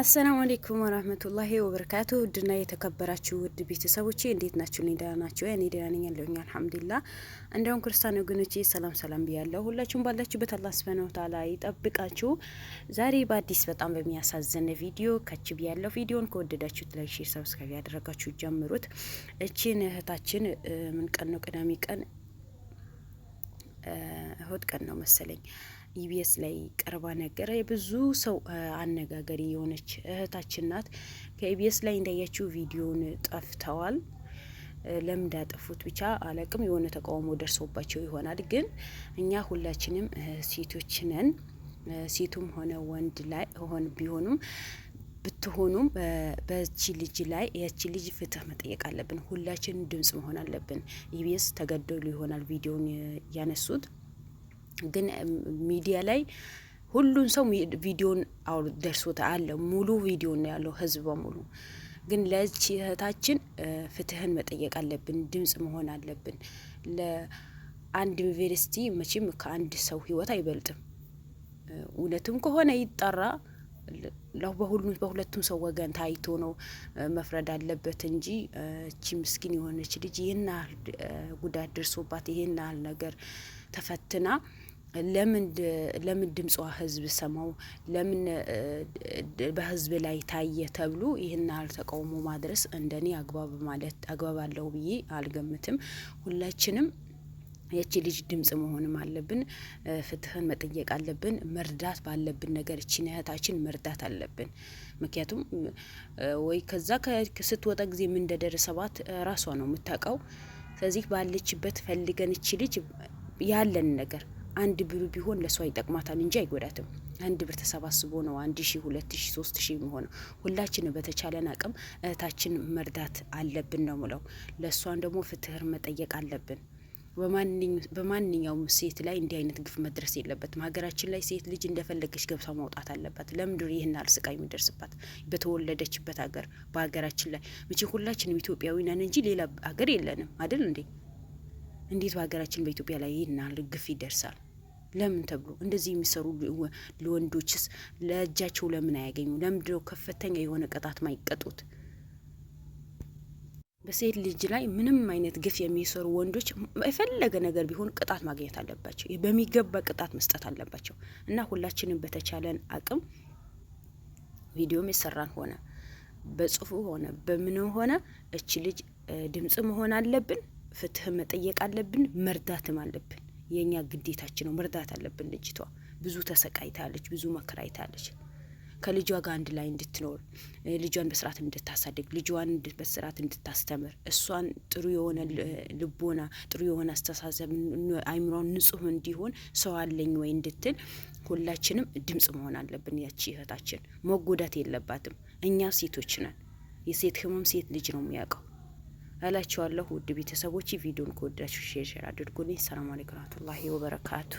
አሰላሙ አሌይኩም ወራህመቱላሂ ወበረካቱ። ውድና የተከበራችሁ ውድ ቤተሰቦቼ እንዴት ናችሁ? እኔ ደህና ናቸው። እኔ ደህና ነኝ ያለሁኝ አልሐምዱሊላህ። እንደውም ክርስቲያን ወገኖቼ ሰላም ሰላም ብያለሁ። ሁላችሁም ባላችሁበት አላህ ሱብሃነሁ ወተዓላ ይጠብቃችሁ። ዛሬ በአዲስ በጣም በሚያሳዝን ቪዲዮ ከች ብያለሁ። ቪዲዮን ከወደዳችሁት ላይ ሼር፣ ሰብስክራይብ ያደረጋችሁ ጀምሩት። እቺን እህታችን ምን ቀን ነው? ቅዳሜ ቀን እሁድ ቀን ነው መሰለኝ ኢቢኤስ ላይ ቀርባ ነገረ የብዙ ሰው አነጋገሪ የሆነች እህታችን ናት። ከኢቢኤስ ላይ እንዳያችው ቪዲዮን ጠፍተዋል። ለምን እንዳጠፉት ብቻ አለቅም። የሆነ ተቃውሞ ደርሶባቸው ይሆናል። ግን እኛ ሁላችንም ሴቶች ነን። ሴቱም ሆነ ወንድ ላይ ሆን ቢሆኑም ብትሆኑም በቺ ልጅ ላይ የቺ ልጅ ፍትህ መጠየቅ አለብን። ሁላችን ድምጽ መሆን አለብን። ኢቢኤስ ተገደሉ ይሆናል ቪዲዮን ያነሱት ግን ሚዲያ ላይ ሁሉን ሰው ቪዲዮን አውር ደርሶት አለ ሙሉ ቪዲዮ ነው ያለው ህዝብ በሙሉ ግን ለቺ እህታችን ፍትህን መጠየቅ አለብን። ድምጽ መሆን አለብን። ለአንድ ዩኒቨርሲቲ መቼም ከአንድ ሰው ህይወት አይበልጥም። እውነትም ከሆነ ይጠራ በሁሉም በሁለቱም ሰው ወገን ታይቶ ነው መፍረድ አለበት እንጂ እቺ ምስኪን የሆነች ልጅ ይህን ያህል ጉዳት ደርሶባት ይህን ያህል ነገር ተፈትና ለምን ድምጿ ህዝብ ሰማው? ለምን በህዝብ ላይ ታየ ተብሎ ይህን ያህል ተቃውሞ ማድረስ እንደኔ አግባብ ማለት አግባብ አለው ብዬ አልገምትም። ሁላችንም የቺ ልጅ ድምጽ መሆንም አለብን። ፍትህን መጠየቅ አለብን። መርዳት ባለብን ነገር እቺን እህታችን መርዳት አለብን። ምክንያቱም ወይ ከዛ ስትወጣ ጊዜ ምን እንደደረሰባት ራሷ ነው የምታውቀው። ስለዚህ ባለችበት ፈልገን እቺ ልጅ ያለን ነገር አንድ ብሩ ቢሆን ለሷ ይጠቅማታል እንጂ አይጎዳትም። አንድ ብር ተሰባስቦ ነው አንድ ሺ ሁለት ሺ ሶስት ሺ የሚሆነው። ሁላችን በተቻለን አቅም እህታችን መርዳት አለብን ነው ምለው። ለእሷን ደግሞ ፍትህር መጠየቅ አለብን። በማንኛውም ሴት ላይ እንዲህ አይነት ግፍ መድረስ የለበትም። ሀገራችን ላይ ሴት ልጅ እንደፈለገች ገብታ ማውጣት አለባት። ለምድር ይህን ያህል የሚደርስባት በተወለደችበት ሀገር፣ በሀገራችን ላይ መቼ ሁላችንም ኢትዮጵያዊ ነን እንጂ ሌላ ሀገር የለንም አይደል እንዴ? እንዴት በሀገራችን በኢትዮጵያ ላይ ይህናል ግፍ ይደርሳል? ለምን ተብሎ እንደዚህ የሚሰሩ ለወንዶችስ ለእጃቸው ለምን አያገኙ? ለምንድነው ከፍተኛ የሆነ ቅጣት ማይቀጡት? በሴት ልጅ ላይ ምንም አይነት ግፍ የሚሰሩ ወንዶች የፈለገ ነገር ቢሆን ቅጣት ማግኘት አለባቸው። በሚገባ ቅጣት መስጠት አለባቸው። እና ሁላችንም በተቻለን አቅም ቪዲዮም የሰራን ሆነ በጽሁፍ ሆነ በምን ሆነ እች ልጅ ድምጽ መሆን አለብን። ፍትህ መጠየቅ አለብን፣ መርዳትም አለብን። የእኛ ግዴታችን ነው፣ መርዳት አለብን። ልጅቷ ብዙ ተሰቃይታለች፣ ብዙ መከራይታለች። ከልጇ ጋር አንድ ላይ እንድትኖር ልጇን በስርዓት እንድታሳድግ ልጇን በስርዓት እንድታስተምር እሷን ጥሩ የሆነ ልቦና ጥሩ የሆነ አስተሳሰብ አይምሯን ንጹህ እንዲሆን ሰው አለኝ ወይ እንድትል ሁላችንም ድምጽ መሆን አለብን። ያቺ እህታችን መጎዳት የለባትም። እኛ ሴቶች ነን። የሴት ህመም ሴት ልጅ ነው የሚያውቀው። እላችኋለሁ። ውድ ቤተሰቦች ቪዲዮን ከወዳችሁ ሼር ሼር አድርጉልኝ። ሰላም አለይኩም ወረህመቱላሂ ወበረካቱ።